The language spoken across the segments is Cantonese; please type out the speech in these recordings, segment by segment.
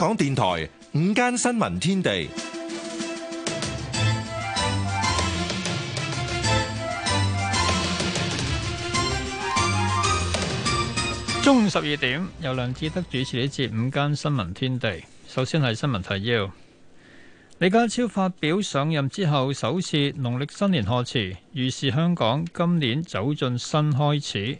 香港電台午間新聞天地，中午十二點由梁志德主持呢節午間新聞天地。首先係新聞提要，李家超發表上任之後首次農曆新年賀詞，預示香港今年走進新開始。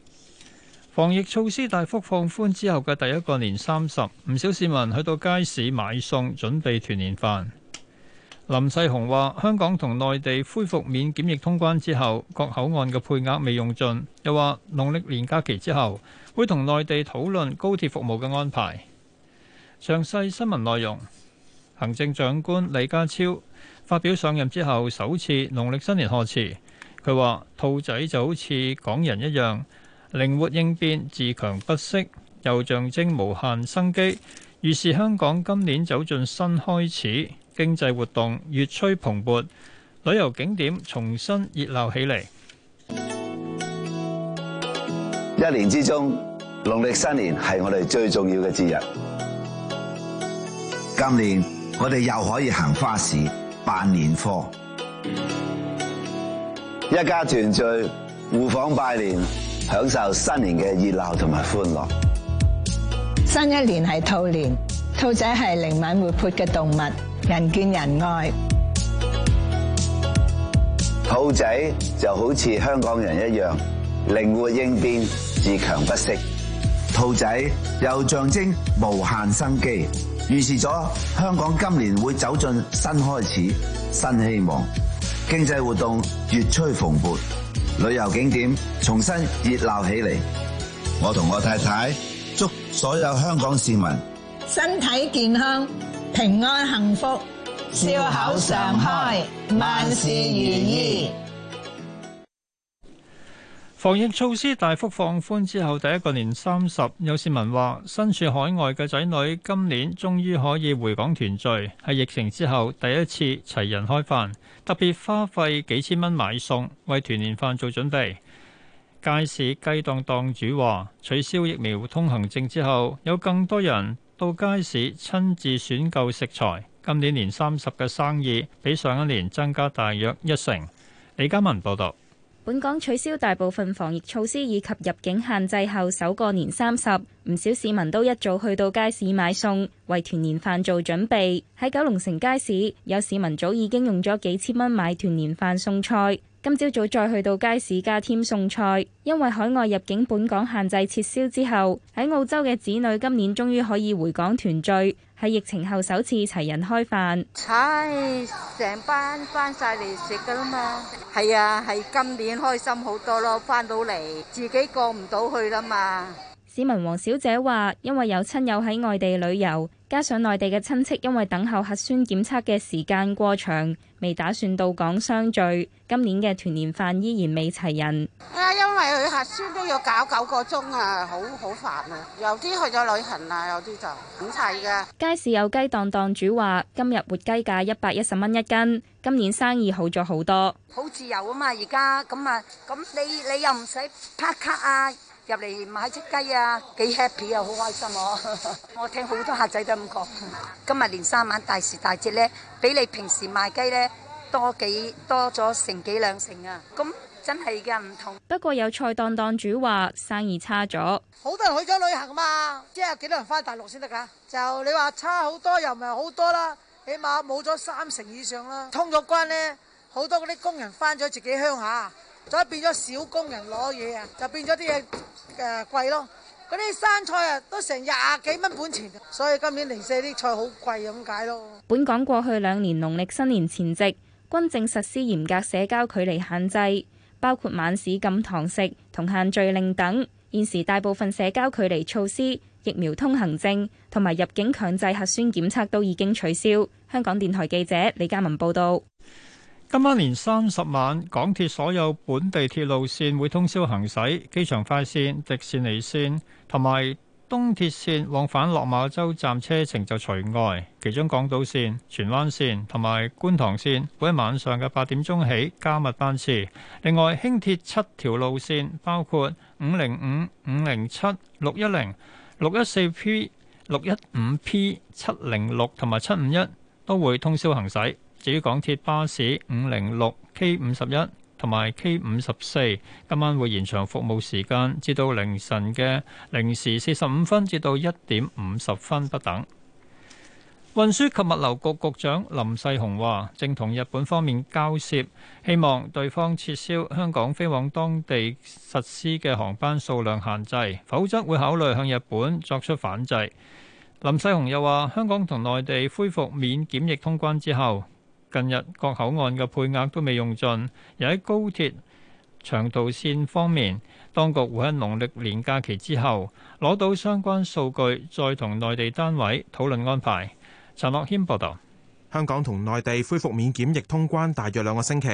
防疫措施大幅放寬之後嘅第一個年三十，唔少市民去到街市買餸，準備團年飯。林世雄話香港同內地恢復免檢疫通關之後各口岸嘅配額未用盡，又話農曆年假期之後會同內地討論高鐵服務嘅安排。詳細新聞內容，行政長官李家超發表上任之後首次農曆新年賀詞，佢話兔仔就好似港人一樣。靈活應變、自強不息，又象徵無限生機。預示香港今年走進新開始，經濟活動越趨蓬勃，旅遊景點重新熱鬧起嚟。一年之中，農曆新年係我哋最重要嘅節日。今年我哋又可以行花市、辦年貨、一家團聚、互訪拜年。享受新年嘅熱鬧同埋歡樂。新一年係兔年，兔仔係靈敏活潑嘅動物，人見人愛。兔仔就好似香港人一樣，靈活應變，自強不息。兔仔又象徵無限生機，預示咗香港今年會走進新開始、新希望，經濟活動越趨蓬勃。旅遊景點重新熱鬧起嚟，我同我太太祝所有香港市民身體健康、平安幸福、笑口常開、萬事如意。防疫措施大幅放寬之後，第一個年三十，有市民話身處海外嘅仔女今年終於可以回港團聚，係疫情之後第一次齊人開飯，特別花費幾千蚊買餸，為團年飯做準備。街市雞檔檔主話取消疫苗通行證之後，有更多人到街市親自選購食材，今年年三十嘅生意比上一年增加大約一成。李嘉文報道。本港取消大部分防疫措施以及入境限制後，首個年三十，唔少市民都一早去到街市買餸，為團年飯做準備。喺九龍城街市，有市民早已經用咗幾千蚊買團年飯餸菜，今朝早，早再去到街市加添餸菜，因為海外入境本港限制撤銷之後，喺澳洲嘅子女今年終於可以回港團聚。係疫情後首次齊人開飯，唉，成班翻晒嚟食噶啦嘛。係啊，係今年開心好多咯，翻到嚟自己過唔到去啦嘛。市民黃小姐話，因為有親友喺外地旅遊，加上內地嘅親戚因為等候核酸檢測嘅時間過長，未打算到港相聚，今年嘅團年飯依然未齊人。啊，因為佢核酸都要搞九個鐘啊，好好煩啊！有啲去咗旅行啊，有啲就唔齊嘅。街市有雞檔檔主話，今日活雞價一百一十蚊一斤，今年生意好咗好多。好自由啊嘛，而家咁啊，咁你你又唔使拍卡啊。入嚟買隻雞啊，幾 happy 啊，好開心喎！我聽好多客仔都咁講，今日連三晚大時大節咧，比你平時賣雞咧多幾多咗成幾兩成啊！咁真係嘅，唔同。不過有菜檔檔主話生意差咗，好多人去咗旅行嘛，即係幾多人翻大陸先得㗎？就你話差好多又唔係好多啦，起碼冇咗三成以上啦。通咗關咧，好多嗰啲工人翻咗自己鄉下。再變咗小工人攞嘢啊，就變咗啲嘢誒貴咯。嗰啲生菜啊，都成廿幾蚊本錢，所以今年零舍啲菜好貴，咁解咯。本港過去兩年農曆新年前夕，均正實施嚴格社交距離限制，包括晚市禁堂食同限聚令等。現時大部分社交距離措施、疫苗通行證同埋入境強制核酸檢測都已經取消。香港電台記者李嘉文報道。今晚年三十晚港鐵所有本地鐵路線會通宵行駛，機場快線、迪士尼線同埋東鐵線往返落馬洲站車程就除外。其中港島線、荃灣線同埋觀塘線會喺晚上嘅八點鐘起加密班次。另外輕鐵七條路線，包括五零五、五零七、六一零、六一四 P、六一五 P、七零六同埋七五一，都會通宵行駛。至於港鐵巴士506、K51 同埋 K54，今晚會延長服務時間，至到凌晨嘅零時四十五分至到一點五十分不等。運輸及物流局局長林世雄話，正同日本方面交涉，希望對方撤銷香港飛往當地實施嘅航班數量限制，否則會考慮向日本作出反制。林世雄又話，香港同內地恢復免檢疫通關之後，近日各口岸嘅配額都未用盡，又喺高鐵長途線方面，當局會喺農曆年假期之後攞到相關數據再同內地單位討論安排。陳樂謙報道。香港同內地恢復免檢疫通關大約兩個星期，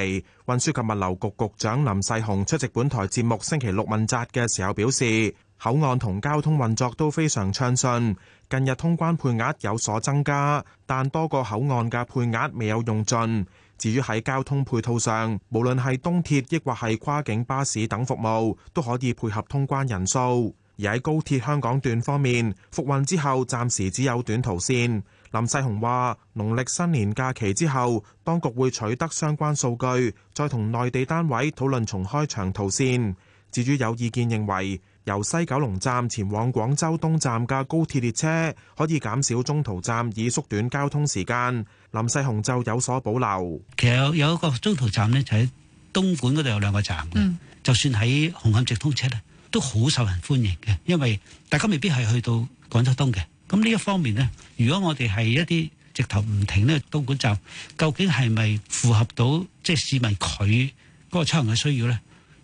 運輸及物流局局長林世雄出席本台節目星期六問責嘅時候表示，口岸同交通運作都非常暢順。近日通關配額有所增加，但多個口岸嘅配額未有用盡。至於喺交通配套上，無論係東鐵抑或係跨境巴士等服務，都可以配合通關人數。而喺高鐵香港段方面，復運之後暫時只有短途線。林世雄話農曆新年假期之後當局會取得相關數據，再同內地單位討論重開長途線。至於有意見認為，由西九龍站前往廣州東站嘅高鐵列車可以減少中途站，以縮短交通時間。林世雄就有所保留。其實有一個中途站呢，就喺、是、東莞嗰度有兩個站嘅。嗯、就算喺紅磡直通車咧，都好受人歡迎嘅，因為大家未必係去到廣州東嘅。咁呢一方面呢，如果我哋係一啲直頭唔停呢，東莞站究竟係咪符合到即係、就是、市民佢嗰個出行嘅需要咧？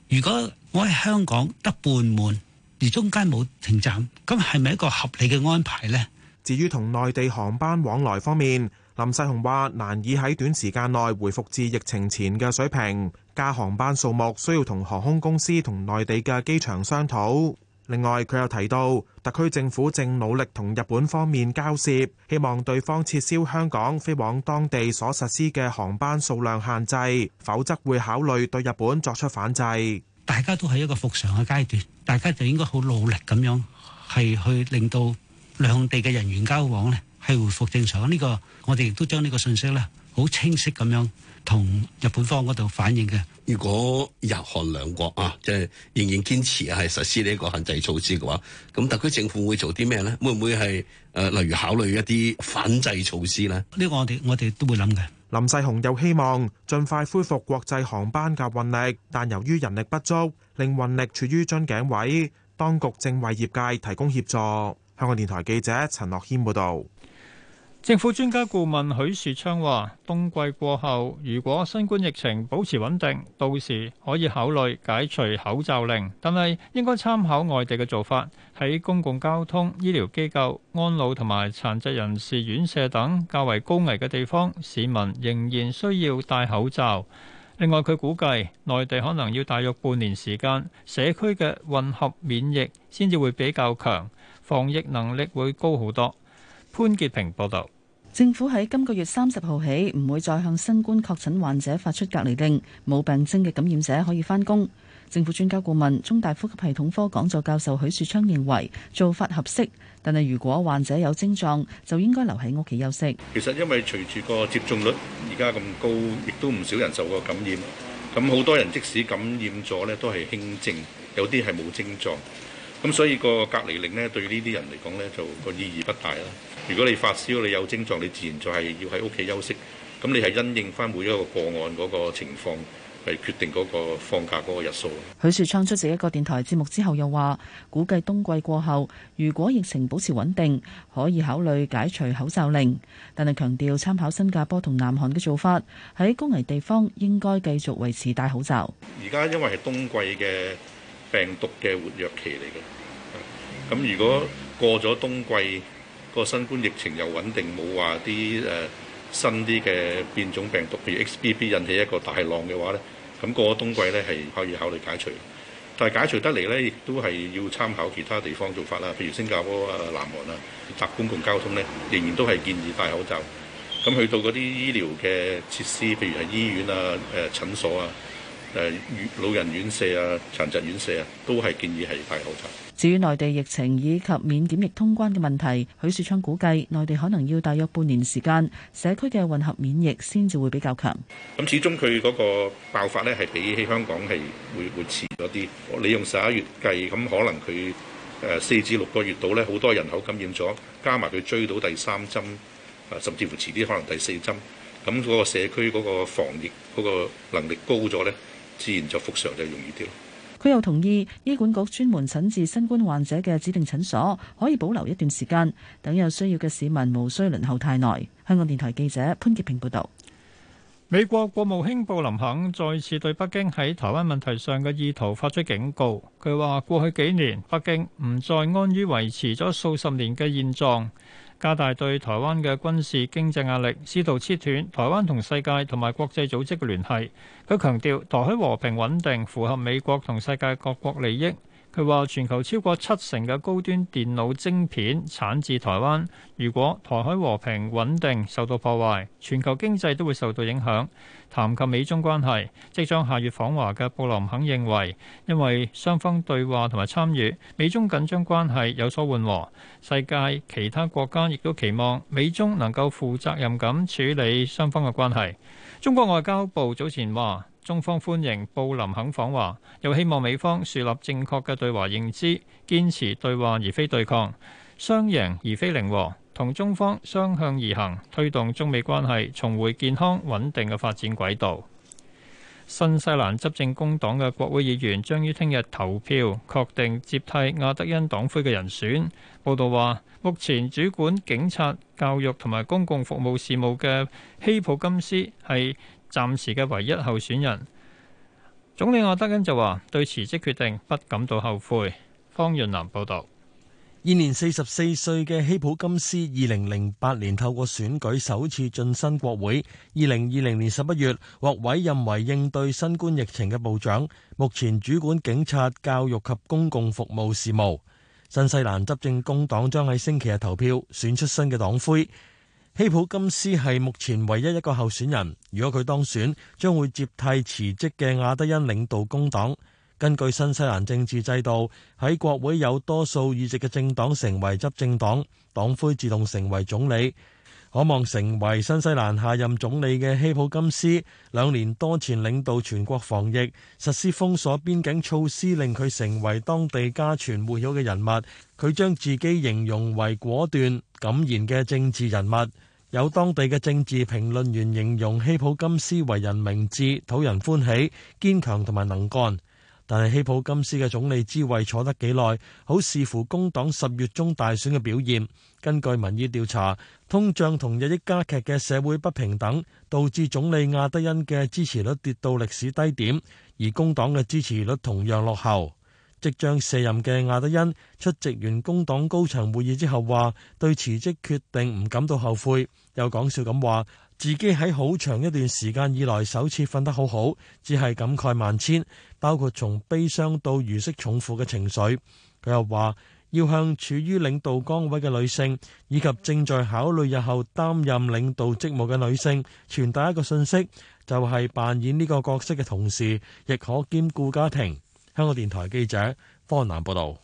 如果我喺香港得半滿。而中間冇停站，咁係咪一個合理嘅安排呢？至於同內地航班往來方面，林世雄話難以喺短時間內回復至疫情前嘅水平，加航班數目需要同航空公司同內地嘅機場商討。另外，佢又提到，特區政府正努力同日本方面交涉，希望對方撤銷香港飛往當地所實施嘅航班數量限制，否則會考慮對日本作出反制。大家都係一個復常嘅階段，大家就應該好努力咁樣，係去令到兩地嘅人員交往咧，係回復正常。呢個，我哋亦都將呢個信息咧好清晰咁樣同日本方嗰度反映嘅。如果日韓兩國啊，即係仍然堅持係實施呢個限制措施嘅話，咁特區政府會做啲咩咧？會唔會係誒例如考慮一啲反制措施咧？呢個我哋我哋都會諗嘅。林世雄又希望盡快恢復國際航班嘅運力，但由於人力不足，令運力處於樽頸位。當局正為業界提供協助。香港電台記者陳樂謙報道。政府專家顧問許樹昌話：冬季過後，如果新冠疫情保持穩定，到時可以考慮解除口罩令。但係應該參考外地嘅做法，喺公共交通、醫療機構、安老同埋殘疾人士院舍等較為高危嘅地方，市民仍然需要戴口罩。另外，佢估計內地可能要大約半年時間，社區嘅混合免疫先至會比較強，防疫能力會高好多。潘潔平報道，政府喺今個月三十號起唔會再向新冠確診患者發出隔離令，冇病徵嘅感染者可以返工。政府專家顧問、中大呼吸系統科講座教授許樹昌認為做法合適，但係如果患者有症狀就應該留喺屋企休息。其實因為隨住個接種率而家咁高，亦都唔少人受過感染，咁好多人即使感染咗呢都係輕症，有啲係冇症狀。咁所以個隔離令咧，對呢啲人嚟講咧，就個意義不大啦。如果你發燒，你有症狀，你自然就係要喺屋企休息。咁你係因應翻每一個個案嗰個情況，嚟決定嗰個放假嗰個日數。許樹昌出席一個電台節目之後，又話，估計冬季過後，如果疫情保持穩定，可以考慮解除口罩令。但係強調參考新加坡同南韓嘅做法，喺高危地方應該繼續維持戴口罩。而家因為係冬季嘅病毒嘅活躍期嚟嘅，咁如果過咗冬季個新冠疫情又穩定，冇話啲誒新啲嘅變種病毒，譬如 XBB 引起一個大浪嘅話呢，咁過咗冬季呢係可以考慮解除。但係解除得嚟呢，亦都係要參考其他地方做法啦，譬如新加坡啊、南韓啊，搭公共交通呢，仍然都係建議戴口罩。咁去到嗰啲醫療嘅設施，譬如係醫院啊、誒診所啊。誒，老人院舍啊，殘疾院舍啊，都係建議係派口罩。至於內地疫情以及免檢疫通關嘅問題，許樹昌估計內地可能要大約半年時間，社區嘅混合免疫先至會比較強。咁始終佢嗰個爆發呢係比起香港係會會遲咗啲。你用十一月計，咁可能佢誒四至六個月度呢，好多人口感染咗，加埋佢追到第三針啊，甚至乎遲啲可能第四針。咁嗰個社區嗰個防疫嗰個能力高咗呢。自然就復常就容易啲。佢又同意醫管局專門診治新冠患者嘅指定診所可以保留一段時間，等有需要嘅市民無需輪候太耐。香港電台記者潘潔平報道。美國國務卿布林肯再次對北京喺台灣問題上嘅意圖發出警告。佢話過去幾年，北京唔再安於維持咗數十年嘅現狀，加大對台灣嘅軍事、經濟壓力，試圖切斷台灣同世界同埋國際組織嘅聯繫。佢強調，台海和平穩定符合美國同世界各國利益。佢話：全球超過七成嘅高端電腦晶片產自台灣。如果台海和平穩定受到破壞，全球經濟都會受到影響。談及美中關係，即將下月訪華嘅布林肯認為，因為雙方對話同埋參與，美中緊張關係有所緩和。世界其他國家亦都期望美中能夠負責任咁處理雙方嘅關係。中國外交部早前話。中方歡迎布林肯訪華，又希望美方樹立正確嘅對華認知，堅持對話而非對抗，雙贏而非零和，同中方相向而行，推動中美關係重回健康穩定嘅發展軌道。新西蘭執政工黨嘅國會議員將於聽日投票確定接替亞德恩黨魁嘅人選。報導話，目前主管警察、教育同埋公共服務事務嘅希普金斯係。暫時嘅唯一候選人總理阿德恩就話：對辭職決定不感到後悔。方潤南報導。現年四十四歲嘅希普金斯，二零零八年透過選舉首次晉身國會，二零二零年十一月獲委任為應對新冠疫情嘅部長，目前主管警察、教育及公共服務事務。新西蘭執政工黨將喺星期日投票選出新嘅黨魁。希普金斯係目前唯一一個候選人。如果佢當選，將會接替辭職嘅亞德恩領導工黨。根據新西蘭政治制度，喺國會有多數議席嘅政黨成為執政黨，黨魁自動成為總理。可望成為新西蘭下任總理嘅希普金斯，兩年多前領導全國防疫，實施封鎖邊境措施，令佢成為當地家傳戶曉嘅人物。佢將自己形容為果斷敢言嘅政治人物。有當地嘅政治評論員形容希普金斯為人明智、討人歡喜、堅強同埋能幹。但係希普金斯嘅總理之位坐得幾耐，好視乎工黨十月中大選嘅表現。根據民意調查，通脹同日益加劇嘅社會不平等，導致總理亞德恩嘅支持率跌到歷史低點，而工黨嘅支持率同樣落後。即將卸任嘅亞德恩出席完工黨高層會議之後，話對辭職決定唔感到後悔，又講笑咁話，自己喺好長一段時間以來首次瞓得好好，只係感慨萬千，包括從悲傷到如釋重負嘅情緒。佢又話要向處於領導崗位嘅女性以及正在考慮日後擔任領導職務嘅女性傳達一個信息，就係、是、扮演呢個角色嘅同時亦可兼顧家庭。香港電台記者方南報道。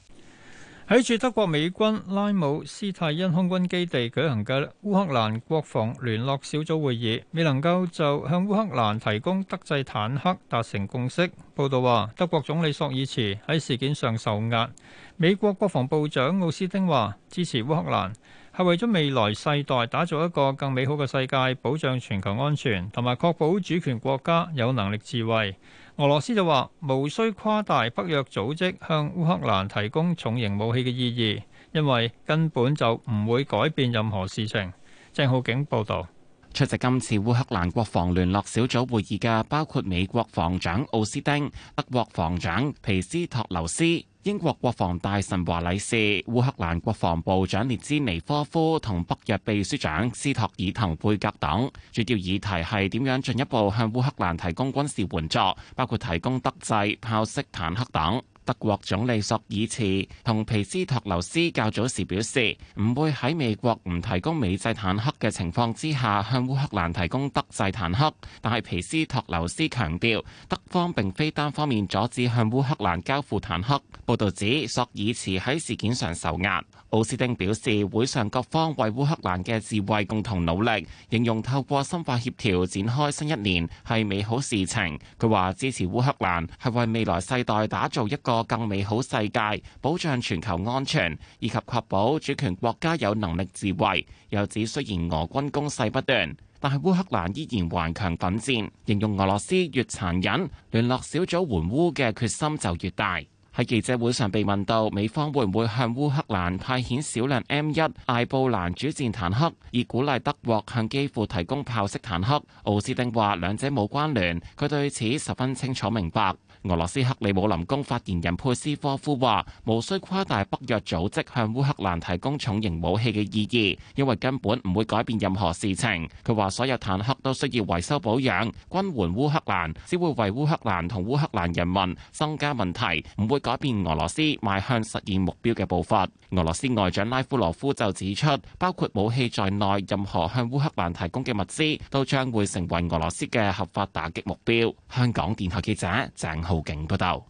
喺駐德國美軍拉姆斯泰恩空軍基地舉行嘅烏克蘭國防聯絡小組會議，未能夠就向烏克蘭提供德製坦克達成共識。報道話，德國總理索爾茨喺事件上受壓，美國國防部長奧斯汀話支持烏克蘭。係為咗未來世代打造一個更美好嘅世界，保障全球安全，同埋確保主權國家有能力自衛。俄羅斯就話，無需誇大北約組織向烏克蘭提供重型武器嘅意義，因為根本就唔會改變任何事情。鄭浩景報道。出席今次烏克蘭國防聯絡小組會議嘅，包括美國防長奧斯汀、德國防長皮斯托留斯。英國國防大臣華禮士、烏克蘭國防部長列茲尼科夫同北約秘書長斯托爾滕貝格等，主要議題係點樣進一步向烏克蘭提供軍事援助，包括提供德製豹式坦克等。德國總理朔爾茨同皮斯托留斯較早時表示，唔會喺美國唔提供美製坦克嘅情況之下，向烏克蘭提供德製坦克。但係皮斯托留斯強調，德方並非單方面阻止向烏克蘭交付坦克。報道指，朔爾茨喺事件上受壓。奧斯丁表示，會上各方為烏克蘭嘅自衛共同努力，形容透過深化協調展開新一年係美好事情。佢話支持烏克蘭係為未來世代打造一個。更美好世界，保障全球安全，以及確保主權國家有能力自衛。又指雖然俄軍攻勢不斷，但係烏克蘭依然頑強奮戰，形容俄羅斯越殘忍，聯絡小組援烏嘅決心就越大。喺記者會上被問到美方會唔會向烏克蘭派遣少量 M 一艾布蘭主戰坦克，以鼓勵德國向基輔提供炮式坦克？奧斯汀話兩者冇關聯，佢對此十分清楚明白。俄羅斯克里姆林宮發言人佩斯科夫話，無需誇大北約組織向烏克蘭提供重型武器嘅意義，因為根本唔會改變任何事情。佢話所有坦克都需要維修保養，軍援烏克蘭只會為烏克蘭同烏克蘭人民增加問題，唔會改變俄羅斯邁向實現目標嘅步伐。俄羅斯外長拉夫羅夫就指出，包括武器在內任何向烏克蘭提供嘅物資，都將會成為俄羅斯嘅合法打擊目標。香港電台記者鄭浩。報導：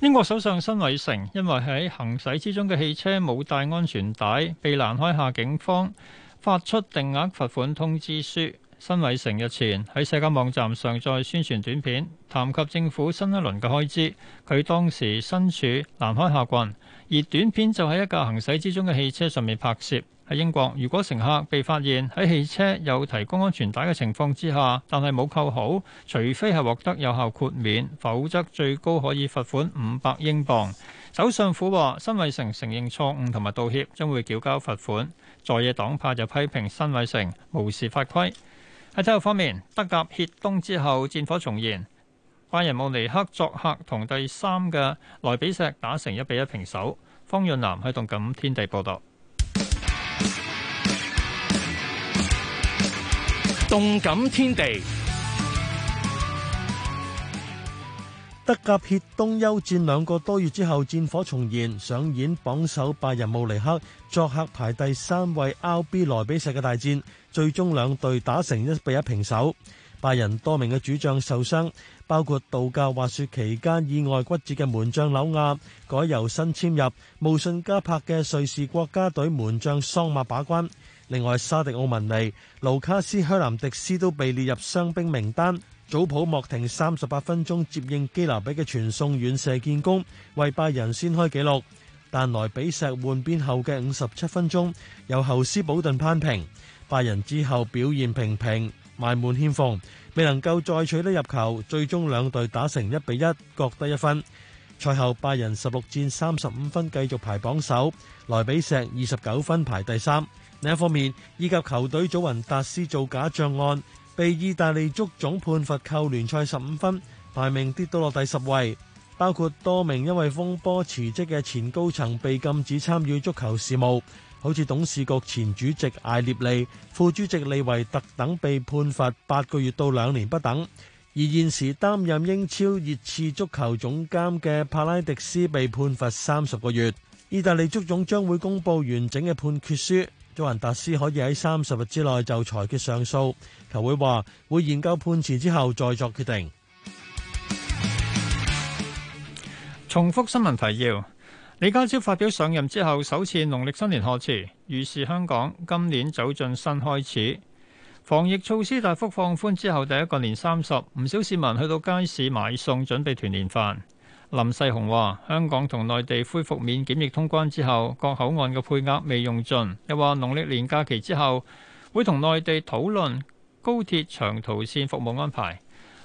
英國首相辛偉成因為喺行駛之中嘅汽車冇戴安全帶，被蘭開夏警方發出定額罰款通知書。辛偉成日前喺社交網站上再宣傳短片，談及政府新一輪嘅開支。佢當時身處蘭開夏郡，而短片就喺一架行駛之中嘅汽車上面拍攝。喺英國，如果乘客被發現喺汽車有提供安全帶嘅情況之下，但係冇扣好，除非係獲得有效豁免，否則最高可以罰款五百英鎊。首相府話，辛偉誠承認錯誤同埋道歉，將會繳交罰款。在野黨派就批評辛偉誠無視法規。喺體育方面，德甲歇冬之後戰火重燃，拜仁慕尼黑作客同第三嘅萊比錫打成一比一平手。方潤南喺動感天地報道。動感天地，德甲歇冬休戰兩個多月之後戰火重燃，上演榜首拜仁慕尼黑，作客排第三位 RB 萊比錫嘅大戰，最終兩隊打成一比一平手。拜仁多名嘅主將受傷，包括度假滑雪期間意外骨折嘅門將紐亞改由新簽入慕遜加柏嘅瑞士國家隊門將桑馬把關。另外，沙迪奧文尼、盧卡斯·赫南迪斯都被列入傷兵名單。祖普莫廷三十八分鐘接應基拿比嘅傳送遠射建功，為拜仁先開紀錄。但萊比石換邊後嘅五十七分鐘，由侯斯保頓攀平。拜仁之後表現平平，埋門欠鋒，未能夠再取得入球，最終兩隊打成一比一，各得一分。賽後拜仁十六戰三十五分，繼續排榜首；萊比石二十九分排第三。另一方面，以及球隊祖雲達斯造假賬案，被意大利足總判罰扣聯賽十五分，排名跌到落第十位。包括多名因為風波辭職嘅前高層被禁止參與足球事務，好似董事局前主席艾涅利，利、副主席利維特等被判罰八個月到兩年不等。而現時擔任英超熱刺足球總監嘅帕拉迪斯被判罰三十個月。意大利足總將會公布完整嘅判決書。祖雲達斯可以喺三十日之內就裁決上訴，球會話會研究判詞之後再作決定。重複新聞提要：李家超發表上任之後首次農曆新年賀詞，預示香港今年走進新開始。防疫措施大幅放寬之後，第一個年三十，唔少市民去到街市買餸，準備團年飯。林世雄話：香港同內地恢復免檢疫通關之後，各口岸嘅配額未用盡。又話農曆年假期之後，會同內地討論高鐵長途線服務安排。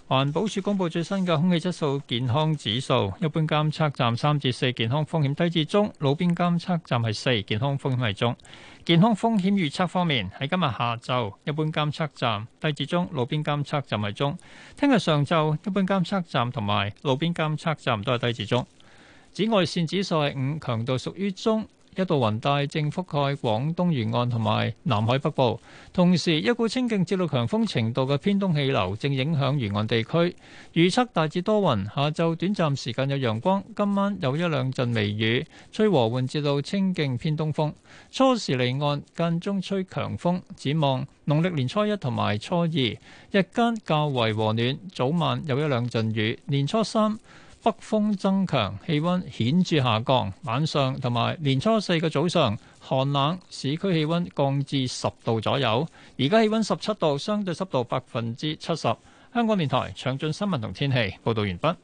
環保署公布最新嘅空氣質素健康指數，一般監測站三至四，健康風險低至中，路邊監測站係四，健康風險係中。健康風險預測方面，喺今日下晝，一般監測站低至中，路邊監測站係中。聽日上晝，一般監測站同埋路邊監測站都係低至中。紫外線指數係五，強度屬於中。一道雲帶正覆蓋廣東沿岸同埋南海北部，同時一股清勁至到強風程度嘅偏東氣流正影響沿岸地區。預測大致多雲，下晝短暫時間有陽光，今晚有一兩陣微雨，吹和緩至到清勁偏東風。初時離岸間中吹強風，展望農曆年初一同埋初二，日間較為和暖，早晚有一兩陣雨。年初三，北風增強，氣溫顯著下降。晚上同埋年初四嘅早上寒冷，市區氣溫降至十度左右。而家氣溫十七度，相對濕度百分之七十。香港電台詳盡新聞同天氣報道完畢。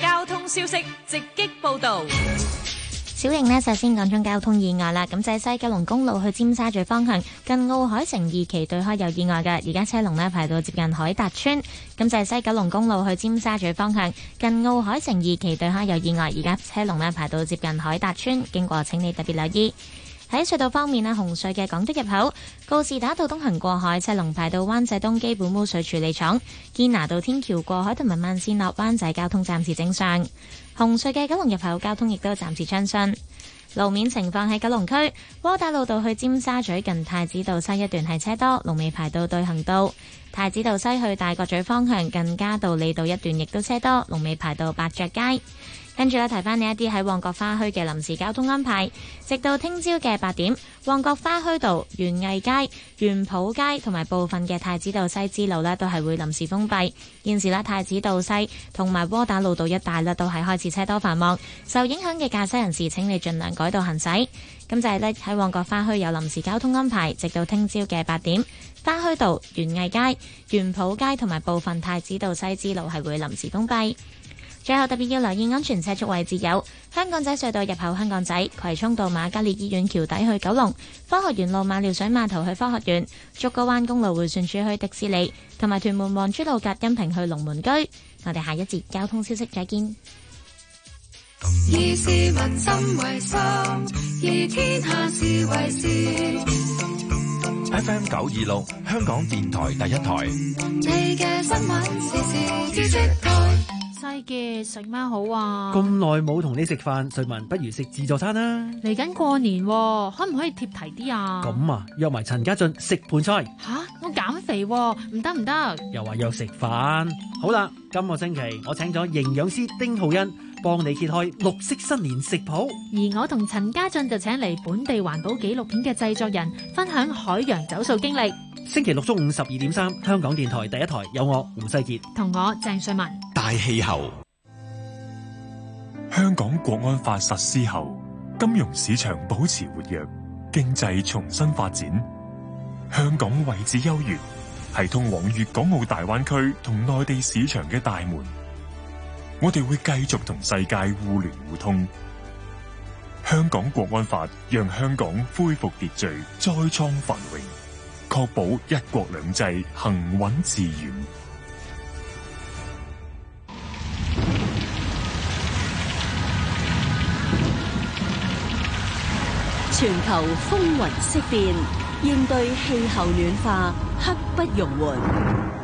交通消息直擊報道。小瑩呢，就先講咗交通意外啦。咁就係西九龍公路去尖沙咀方向，近奧海城二期對開有意外嘅，而家車龍呢，排到接近海達村。咁就係西九龍公路去尖沙咀方向，近奧海城二期對開有意外，而家車龍呢，排到接近海達村，經過請你特別留意。喺隧道方面啊，紅隧嘅港島入口、告士打道東行過海、赤龍排到灣仔東基本污水處理廠、堅拿道天橋過海同埋慢線落灣仔，交通暫時正常。紅隧嘅九龍入口交通亦都暫時暢順。路面情況喺九龍區，窩打老道去尖沙咀近太子道西一段係車多，龍尾排到對行道；太子道西去大角咀方向，近嘉道理道一段亦都車多，龍尾排到白爵街。跟住咧，提翻你一啲喺旺角花墟嘅臨時交通安排，直到聽朝嘅八點，旺角花墟道、園藝街、園圃街同埋部分嘅太子道西支路呢，都係會臨時封閉。現時咧，太子道西同埋窩打老道一帶呢，都係開始車多繁忙，受影響嘅駕駛人士請你盡量改道行駛。咁就係咧，喺旺角花墟有臨時交通安排，直到聽朝嘅八點，花墟道、園藝街、園圃街同埋部分太子道西支路係會臨時封閉。最後特別要留意安全車速位置，有香港仔隧道入口、香港仔葵涌道瑪嘉烈醫院橋底去九龍、科學園路馬料水碼頭去科學園、竹篙灣公路回旋處去迪士尼，同埋屯門皇珠路隔音屏去龍門居。我哋下一節交通消息再見。以市民心為心，以天下事為事。F M 九二六，香港電台第一台。你嘅新聞，時時知識台。嘥嘅食咩好啊？咁耐冇同你食飯，瑞文不如食自助餐啊。嚟緊過年，可唔可以貼題啲啊？咁啊，約埋陳家俊食盤菜。吓、啊，我減肥、啊，唔得唔得。又話約食飯。好啦，今個星期我請咗營養師丁浩欣。幫你揭開綠色新年食譜，而我同陳家俊就請嚟本地環保紀錄片嘅製作人，分享海洋走數經歷。星期六中午十二點三，香港電台第一台有我胡世杰同我鄭瑞文。大氣候，香港國安法實施後，金融市場保持活躍，經濟重新發展。香港位置優越，係通往粵港澳大灣區同內地市場嘅大門。我哋會繼續同世界互聯互通。香港國安法讓香港恢復秩序、再創繁榮，確保一國兩制行穩致遠。全球風雲色變，應對氣候暖化，刻不容緩。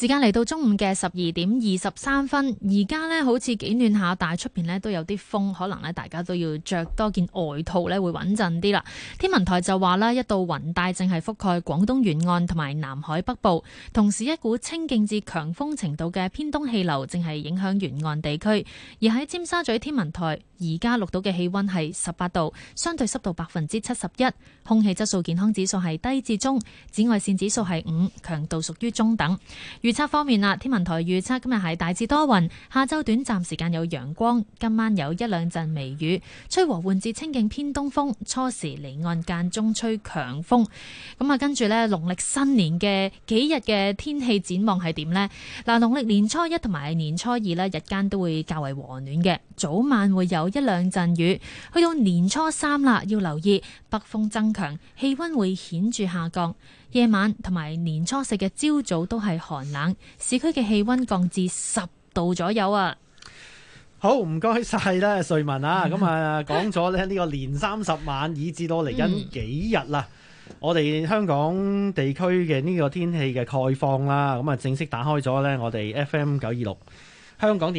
時間嚟到中午嘅十二點二十三分，而家呢好似幾暖下，但係出邊呢都有啲風，可能呢大家都要着多件外套呢會穩陣啲啦。天文台就話啦，一道雲帶正係覆蓋廣東沿岸同埋南海北部，同時一股清勁至強風程度嘅偏東氣流正係影響沿岸地區。而喺尖沙咀天文台，而家錄到嘅氣溫係十八度，相對濕度百分之七十一，空氣質素健康指數係低至中，紫外線指數係五，強度屬於中等。預測方面啦，天文台預測今日係大致多雲，下周短暫時間有陽光，今晚有一兩陣微雨，吹和緩至清勁偏東風，初時離岸間中吹強風。咁啊，跟住咧，農曆新年嘅幾日嘅天氣展望係點呢？嗱，農曆年初一同埋年初二咧，日間都會較為和暖嘅，早晚會有一兩陣雨。去到年初三啦，要留意北風增強，氣溫會顯著下降。夜晚同埋年初四嘅朝早都係寒冷，市區嘅氣溫降至十度左右啊！好，唔該晒啦，瑞文啊，咁啊講咗咧呢個年三十晚以至到嚟緊幾日啦， 我哋香港地區嘅呢個天氣嘅概況啦，咁啊正式打開咗咧，我哋 FM 九二六香港。